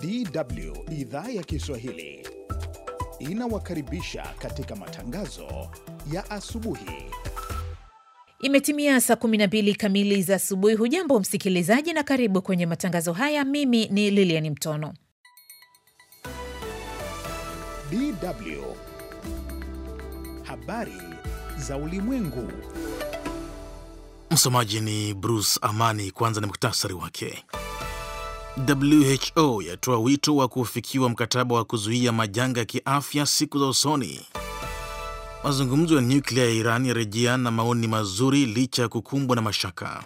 DW idhaa ya Kiswahili inawakaribisha katika matangazo ya asubuhi. Imetimia saa 12 kamili za asubuhi. Hujambo msikilizaji, na karibu kwenye matangazo haya. Mimi ni Lilian Mtono. DW habari za ulimwengu. Msomaji ni Bruce Amani. Kwanza ni muktasari wake. WHO yatoa wito wa kufikiwa mkataba wa kuzuia majanga ya kiafya siku za usoni. Mazungumzo ya nyuklia ya Iran yarejea na maoni mazuri licha ya kukumbwa na mashaka.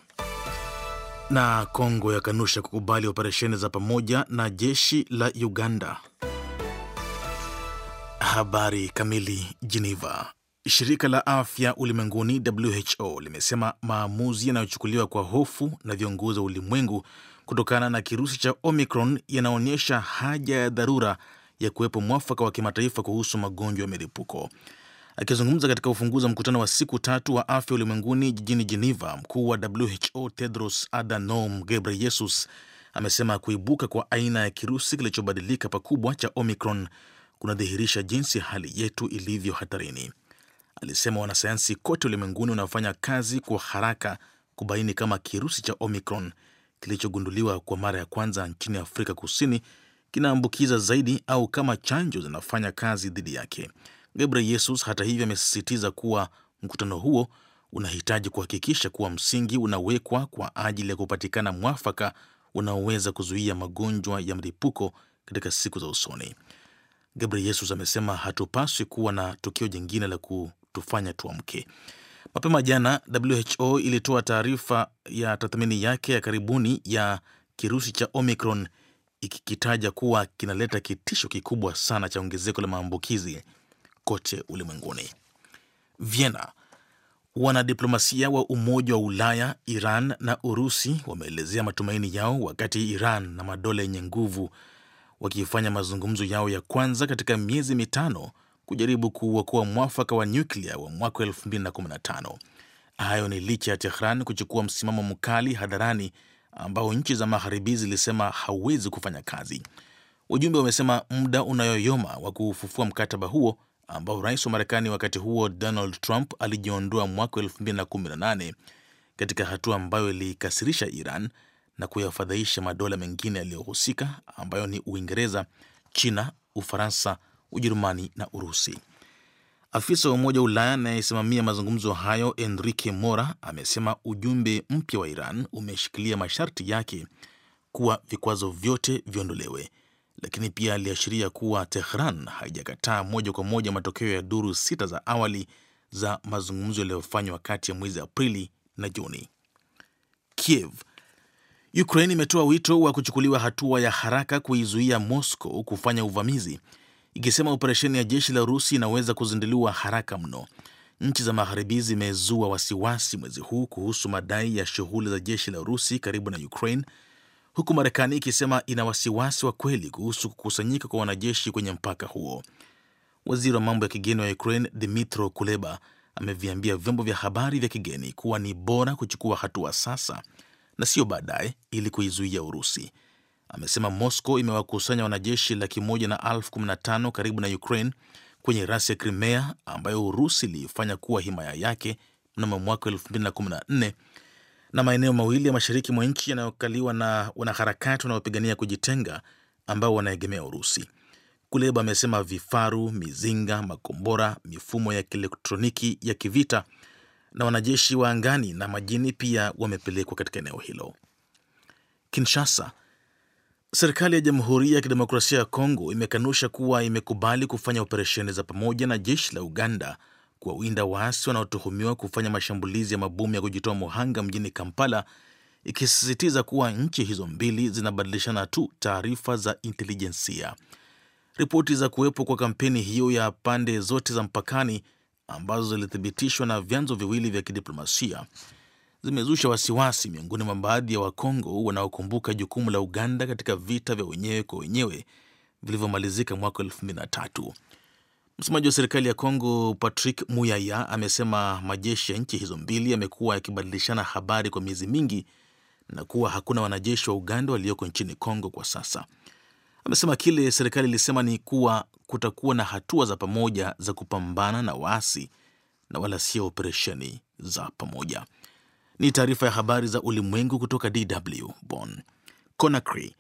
Na Kongo yakanusha kukubali operesheni za pamoja na jeshi la Uganda. Habari kamili. Geneva. Shirika la afya ulimwenguni WHO limesema maamuzi yanayochukuliwa kwa hofu na viongozi wa ulimwengu kutokana na kirusi cha Omicron yanaonyesha haja ya dharura ya kuwepo mwafaka wa kimataifa kuhusu magonjwa ya milipuko. Akizungumza katika ufunguzi wa mkutano wa siku tatu wa afya ulimwenguni jijini Geneva, mkuu wa WHO Tedros Adhanom Ghebreyesus amesema kuibuka kwa aina ya kirusi kilichobadilika pakubwa cha Omicron kunadhihirisha jinsi hali yetu ilivyo hatarini. Alisema wanasayansi kote ulimwenguni wanafanya kazi kwa haraka kubaini kama kirusi cha Omicron kilichogunduliwa kwa mara ya kwanza nchini Afrika Kusini kinaambukiza zaidi au kama chanjo zinafanya kazi dhidi yake. gabriel Yesus hata hivyo amesisitiza kuwa mkutano huo unahitaji kuhakikisha kuwa msingi unawekwa kwa ajili ya kupatikana mwafaka unaoweza kuzuia magonjwa ya mlipuko katika siku za usoni. Gabriel Yesus amesema hatupaswi kuwa na tukio jingine la kutufanya tuamke. Mapema jana WHO ilitoa taarifa ya tathmini yake ya karibuni ya kirusi cha Omicron ikikitaja kuwa kinaleta kitisho kikubwa sana cha ongezeko la maambukizi kote ulimwenguni. Vienna, wanadiplomasia wa Umoja wa Ulaya, Iran na Urusi wameelezea matumaini yao wakati Iran na madola yenye nguvu wakifanya mazungumzo yao ya kwanza katika miezi mitano kujaribu kuokoa mwafaka wa nyuklia wa mwaka 2015. Hayo ni licha ya Tehran kuchukua msimamo mkali hadharani ambao nchi za magharibi zilisema hauwezi kufanya kazi. Wajumbe wamesema muda unayoyoma wa kufufua mkataba huo ambao rais wa Marekani wakati huo Donald Trump alijiondoa mwaka 2018 katika hatua ambayo iliikasirisha Iran na kuyafadhaisha madola mengine yaliyohusika ambayo ni Uingereza, China, Ufaransa Ujerumani na Urusi. Afisa wa Umoja wa Ulaya anayesimamia mazungumzo hayo Enrique Mora amesema ujumbe mpya wa Iran umeshikilia masharti yake kuwa vikwazo vyote viondolewe, lakini pia aliashiria kuwa Tehran haijakataa moja kwa moja matokeo ya duru sita za awali za mazungumzo yaliyofanywa kati ya mwezi Aprili na Juni. Kiev Ukraine imetoa wito wa kuchukuliwa hatua ya haraka kuizuia Moscow kufanya uvamizi ikisema operesheni ya jeshi la Urusi inaweza kuzinduliwa haraka mno. Nchi za magharibi zimezua wasiwasi mwezi huu kuhusu madai ya shughuli za jeshi la Urusi karibu na Ukraine, huku Marekani ikisema ina wasiwasi wa kweli kuhusu kukusanyika kwa wanajeshi kwenye mpaka huo. Waziri wa mambo ya kigeni wa Ukraine Dmytro Kuleba ameviambia vyombo vya habari vya kigeni kuwa ni bora kuchukua hatua sasa na sio baadaye ili kuizuia Urusi amesema Moscow imewakusanya wanajeshi laki moja na elfu kumi na tano karibu na Ukraine kwenye rasi ya Crimea ambayo Urusi iliifanya kuwa himaya yake mnamo mwaka 2014 na maeneo mawili ya mashariki mwa nchi yanayokaliwa na wanaharakati wanaopigania kujitenga ambao wanaegemea Urusi. Kuleba amesema vifaru, mizinga, makombora, mifumo ya kielektroniki ya kivita na wanajeshi wa angani na majini pia wamepelekwa katika eneo hilo. Kinshasa Serikali ya Jamhuri ya Kidemokrasia ya Kongo imekanusha kuwa imekubali kufanya operesheni za pamoja na jeshi la Uganda kuwawinda waasi wanaotuhumiwa kufanya mashambulizi ya mabomu ya kujitoa muhanga mjini Kampala, ikisisitiza kuwa nchi hizo mbili zinabadilishana tu taarifa za intelijensia. Ripoti za kuwepo kwa kampeni hiyo ya pande zote za mpakani ambazo zilithibitishwa na vyanzo viwili vya kidiplomasia zimezusha wasiwasi miongoni mwa baadhi ya Wakongo wanaokumbuka jukumu la Uganda katika vita vya wenyewe kwa wenyewe vilivyomalizika mwaka tatu. Msemaji wa serikali ya Kongo Patrick Muyaya amesema majeshi ya nchi hizo mbili yamekuwa yakibadilishana habari kwa miezi mingi na kuwa hakuna wanajeshi wa Uganda walioko nchini Kongo kwa sasa. Amesema kile serikali ilisema ni kuwa kutakuwa na hatua za pamoja za kupambana na waasi na wala sio operesheni za pamoja. Ni taarifa ya habari za ulimwengu kutoka DW Bonn. Conakry,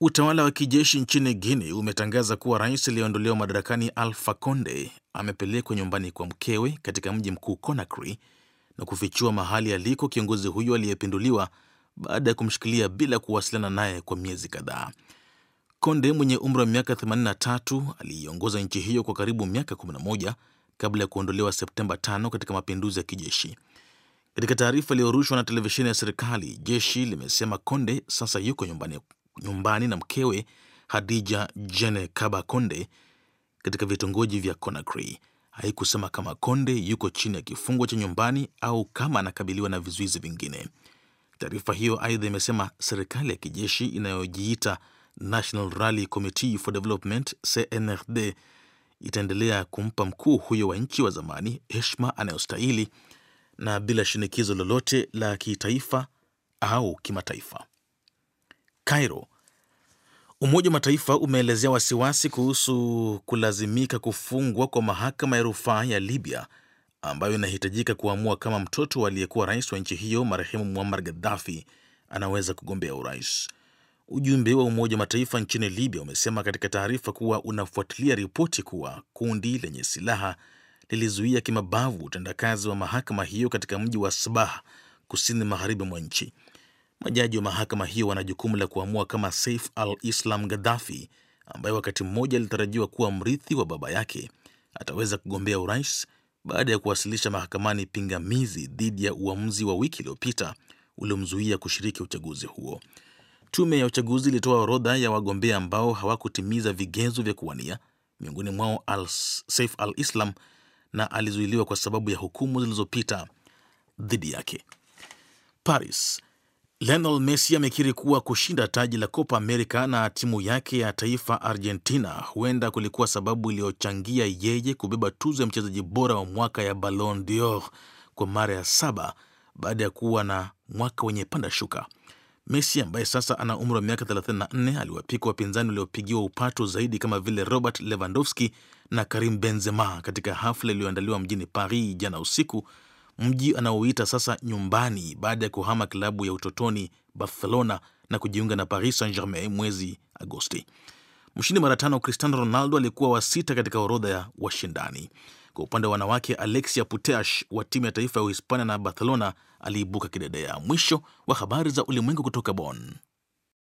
utawala wa kijeshi nchini Guinea umetangaza kuwa rais aliyeondolewa madarakani Alpha Conde amepelekwa nyumbani kwa mkewe katika mji mkuu Conakry na kufichua mahali aliko kiongozi huyo aliyepinduliwa baada ya kumshikilia bila kuwasiliana naye kwa miezi kadhaa. conde mwenye umri wa miaka 83 aliiongoza nchi hiyo kwa karibu miaka 11 kabla ya kuondolewa Septemba 5 katika mapinduzi ya kijeshi. Katika taarifa iliyorushwa na televisheni ya serikali, jeshi limesema Konde sasa yuko nyumbani, nyumbani na mkewe Hadija Jene Kaba Konde katika vitongoji vya Conakry. Haikusema kama Konde yuko chini ya kifungo cha nyumbani au kama anakabiliwa na vizuizi vingine. Taarifa hiyo aidha imesema serikali ya kijeshi inayojiita National Rally Committee for Development CNRD itaendelea kumpa mkuu huyo wa nchi wa zamani heshima anayostahili na bila shinikizo lolote la kitaifa au kimataifa. Cairo. Umoja wa Mataifa umeelezea wasiwasi kuhusu kulazimika kufungwa kwa mahakama ya rufaa ya Libya ambayo inahitajika kuamua kama mtoto aliyekuwa rais wa nchi hiyo marehemu Muammar Gaddafi anaweza kugombea urais. Ujumbe wa Umoja wa Mataifa nchini Libya umesema katika taarifa kuwa unafuatilia ripoti kuwa kundi lenye silaha lilizuia kimabavu utendakazi wa mahakama hiyo katika mji wa Sabah, kusini magharibi mwa nchi. Majaji wa mahakama hiyo wana jukumu la kuamua kama Saif al-Islam Gaddafi, ambaye wakati mmoja alitarajiwa kuwa mrithi wa baba yake, ataweza kugombea urais baada ya kuwasilisha mahakamani pingamizi dhidi ya uamuzi wa wiki iliyopita uliomzuia kushiriki uchaguzi huo. Tume ya uchaguzi ilitoa orodha ya wagombea ambao hawakutimiza vigezo vya kuwania, miongoni mwao al Saif al-Islam na alizuiliwa kwa sababu ya hukumu zilizopita dhidi yake. Paris. Lionel Messi amekiri kuwa kushinda taji la Copa America na timu yake ya taifa Argentina huenda kulikuwa sababu iliyochangia yeye kubeba tuzo ya mchezaji bora wa mwaka ya Ballon d'Or kwa mara ya saba baada ya kuwa na mwaka wenye panda shuka. Messi ambaye sasa ana umri wa miaka 34 aliwapika wapinzani waliopigiwa upato zaidi kama vile Robert Lewandowski na Karim Benzema katika hafla iliyoandaliwa mjini Paris jana usiku, mji anaoita sasa nyumbani baada ya kuhama klabu ya utotoni Barcelona na kujiunga na Paris Saint-Germain mwezi Agosti. Mshindi mara tano Cristiano Ronaldo alikuwa wa sita katika orodha ya washindani. Kwa upande wa wanawake, Alexia Puteash wa timu ya taifa ya Uhispania na Barcelona aliibuka kidedea. Mwisho wa habari za ulimwengu kutoka Bonn.